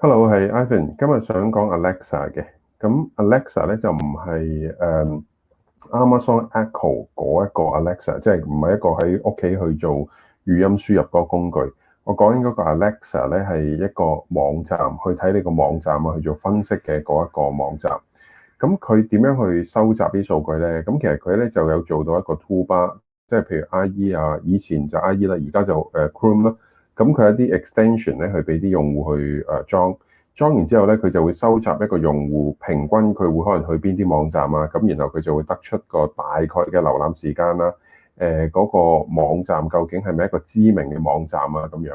Hello，係 Ivan 今。今日想講 Alexa 嘅。咁 Alexa 咧就唔係誒 Amazon Echo 嗰一個 Alexa，即係唔係一個喺屋企去做語音輸入嗰個工具。我講緊嗰個 Alexa 咧係一個網站，去睇你個網站啊，去做分析嘅嗰一個網站。咁佢點樣去收集啲數據咧？咁其實佢咧就有做到一個 tool 吧，即係譬如 IE 啊，以前就 IE 啦，而家就誒 Chrome 啦。咁佢一啲 extension 咧，去俾啲用戶去誒裝，裝完之後咧，佢就會收集一個用戶平均佢會可能去邊啲網站啊，咁然後佢就會得出個大概嘅瀏覽時間啦，誒嗰個網站究竟係咪一個知名嘅網站啊咁樣。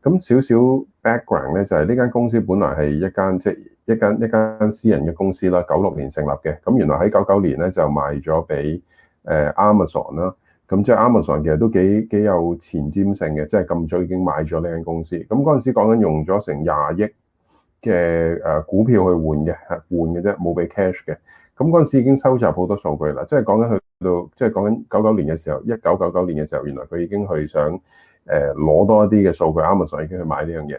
咁少少 background 咧，就係呢間公司本來係一間即係一間一間私人嘅公司啦，九六年成立嘅，咁原來喺九九年咧就賣咗俾誒 Amazon 啦。咁、嗯、即係 Amazon 其實都幾幾有前瞻性嘅，即係咁早已經買咗呢間公司。咁嗰陣時講緊用咗成廿億嘅誒股票去換嘅，嚇換嘅啫，冇俾 cash 嘅。咁嗰陣時已經收集好多數據啦，即係講緊去到即係講緊九九年嘅時候，一九九九年嘅時候，原來佢已經去想誒攞、呃、多一啲嘅數據。Amazon 已經去買呢樣嘢。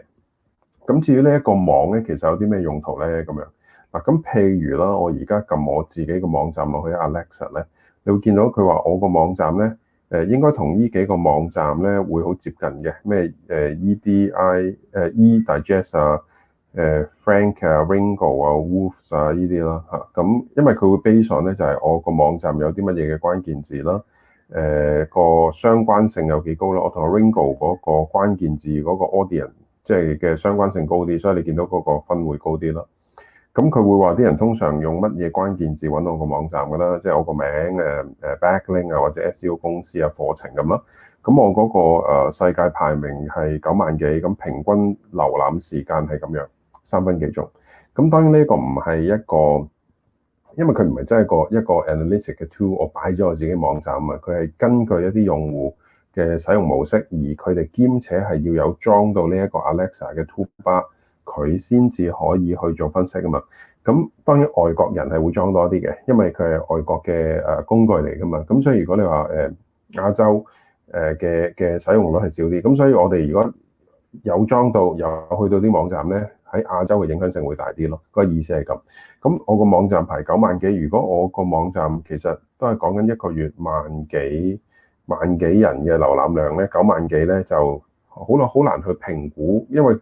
咁、嗯、至於呢一個網咧，其實有啲咩用途咧？咁樣嗱，咁譬如啦，我而家撳我自己個網站落去 Alexa 咧。你會見到佢話我個網站咧，誒應該同呢幾個網站咧會好接近嘅，咩誒 EDI、誒 E Digest 啊、誒 Frank 啊、Ringo 啊、Wolf 啊呢啲啦嚇。咁、啊、因為佢會 base on 咧，就係我個網站有啲乜嘢嘅關鍵字啦，誒、啊、個相關性有幾高啦。我同 Ringo 嗰個關鍵字嗰個 audience 即係嘅相關性高啲，所以你見到嗰個分會高啲啦。咁佢會話啲人通常用乜嘢關鍵字揾到我個網站㗎啦，即係我個名誒誒啊 backlink 啊，或者 SEO 公司啊課程咁啦。咁我嗰個世界排名係九萬幾，咁平均瀏覽時間係咁樣三分幾鐘。咁當然呢個唔係一個，因為佢唔係真係個一個 analytic 嘅 tool，我擺咗我自己網站啊，佢係根據一啲用戶嘅使用模式，而佢哋兼且係要有裝到呢一個 Alexa 嘅 toolbar。佢先至可以去做分析㗎嘛，咁當然外國人係會裝多啲嘅，因為佢係外國嘅誒工具嚟噶嘛，咁所以如果你話誒亞洲誒嘅嘅使用率係少啲，咁所以我哋如果有裝到又去到啲網站咧，喺亞洲嘅影響性會大啲咯，個意思係咁。咁我個網站排九萬幾，如果我個網站其實都係講緊一個月萬幾萬幾人嘅瀏覽量咧，九萬幾咧就好耐好難去評估，因為。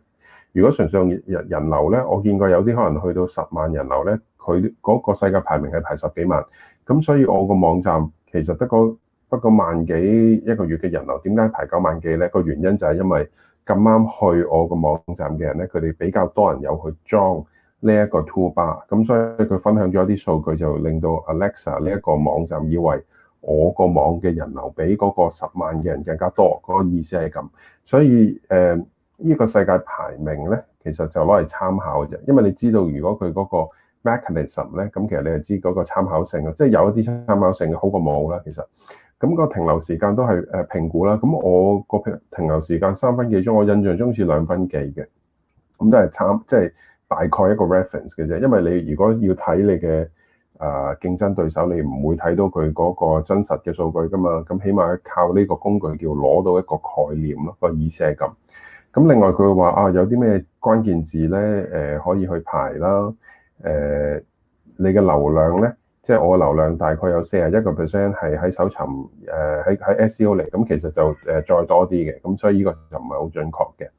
如果純上人人流咧，我見過有啲可能去到十萬人流咧，佢嗰個世界排名係排十幾萬，咁所以我個網站其實得個不過萬幾一個月嘅人流，點解排九萬幾咧？個原因就係因為咁啱去我個網站嘅人咧，佢哋比較多人有去裝呢一個 toolbar，咁所以佢分享咗一啲數據，就令到 Alexa 呢一個網站以為我個網嘅人流比嗰個十萬嘅人更加多，嗰、嗰個意思係咁，所以誒。Uh, 呢個世界排名咧，其實就攞嚟參考嘅啫。因為你知道，如果佢嗰個 mechanism 咧，咁其實你係知嗰個參考性嘅，即係有一啲參考性嘅好過冇啦。其實咁個停留時間都係誒評估啦。咁我個停留時間三分幾鐘，我印象中似兩分幾嘅。咁都係參即係大概一個 reference 嘅啫。因為你如果要睇你嘅誒競爭對手，你唔會睇到佢嗰個真實嘅數據噶嘛。咁起碼靠呢個工具叫攞到一個概念咯，個意思係噉。咁另外佢會話啊，有啲咩關鍵字咧？誒、呃、可以去排啦。誒、呃、你嘅流量咧，即係我嘅流量大概有四十一個 percent 係喺搜尋誒喺喺 SEO 嚟。咁其實就誒再多啲嘅，咁所以呢個就唔係好準確嘅。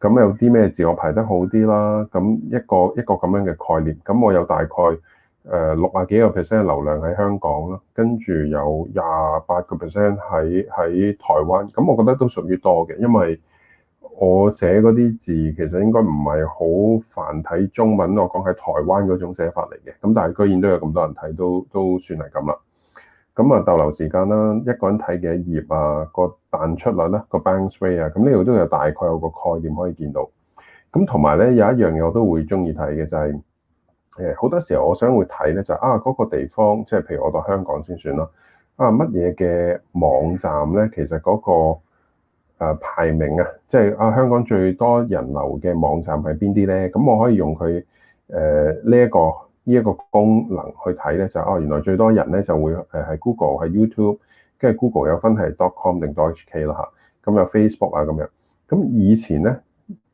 咁有啲咩字我排得好啲啦？咁一個一個咁樣嘅概念，咁我有大概誒六十幾個 percent 嘅流量喺香港啦，跟住有廿八個 percent 喺喺台灣。咁我覺得都屬於多嘅，因為。我寫嗰啲字其實應該唔係好繁體中文，我講係台灣嗰種寫法嚟嘅，咁但係居然都有咁多人睇，都都算係咁啦。咁啊逗留時間啦，一個人睇幾多頁啊，個彈出率咧，個 bounce rate 啊，咁呢度都有大概有個概念可以見到。咁同埋咧有一樣嘢我都會中意睇嘅就係，誒好多時候我想會睇咧就係啊嗰個地方，即係譬如我到香港先算啦，啊乜嘢嘅網站咧，其實嗰個。啊！排名啊，即係啊，香港最多人流嘅網站係邊啲咧？咁我可以用佢誒呢一個呢一個功能去睇咧，就是、哦，原來最多人咧就會誒喺 Google 喺 YouTube，跟住 Google 有分係 dot.com 定 dot.hk 啦吓，咁、嗯、有 Facebook 啊咁樣。咁以前咧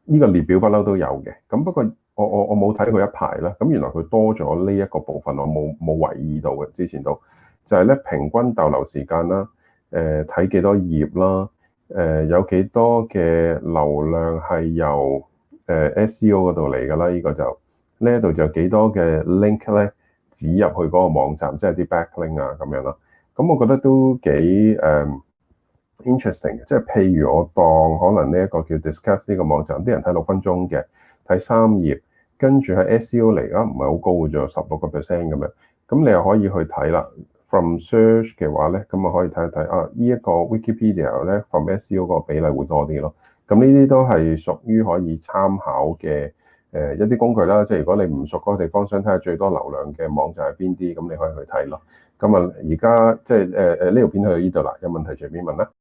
呢個列表不嬲都有嘅，咁不過我我我冇睇佢一排啦。咁原來佢多咗呢一個部分，我冇冇留意到嘅之前度就係、是、咧平均逗留時間啦，誒睇幾多頁啦。誒、呃、有幾多嘅流量係由誒 SEO 嗰度嚟㗎啦？依、呢個就，就呢一度就幾多嘅 link 咧指入去嗰個網站，即係啲 backlink 啊咁樣啦。咁、嗯、我覺得都幾誒、um, interesting 嘅。即係譬如我當可能呢一個叫 discuss 呢個網站，啲人睇六分鐘嘅，睇三頁，跟住喺 SEO 嚟啦，唔係好高嘅啫，十六個 percent 咁樣。咁你又可以去睇啦。From search 嘅話咧，咁啊可以睇一睇啊，呢一個 Wikipedia 咧，from SEO 個比例會多啲咯。咁呢啲都係屬於可以參考嘅誒、呃、一啲工具啦。即係如果你唔熟嗰個地方，想睇下最多流量嘅網站係邊啲，咁你可以去睇咯。咁啊，而家即係誒誒呢條片去到呢度啦。有問題隨便問啦。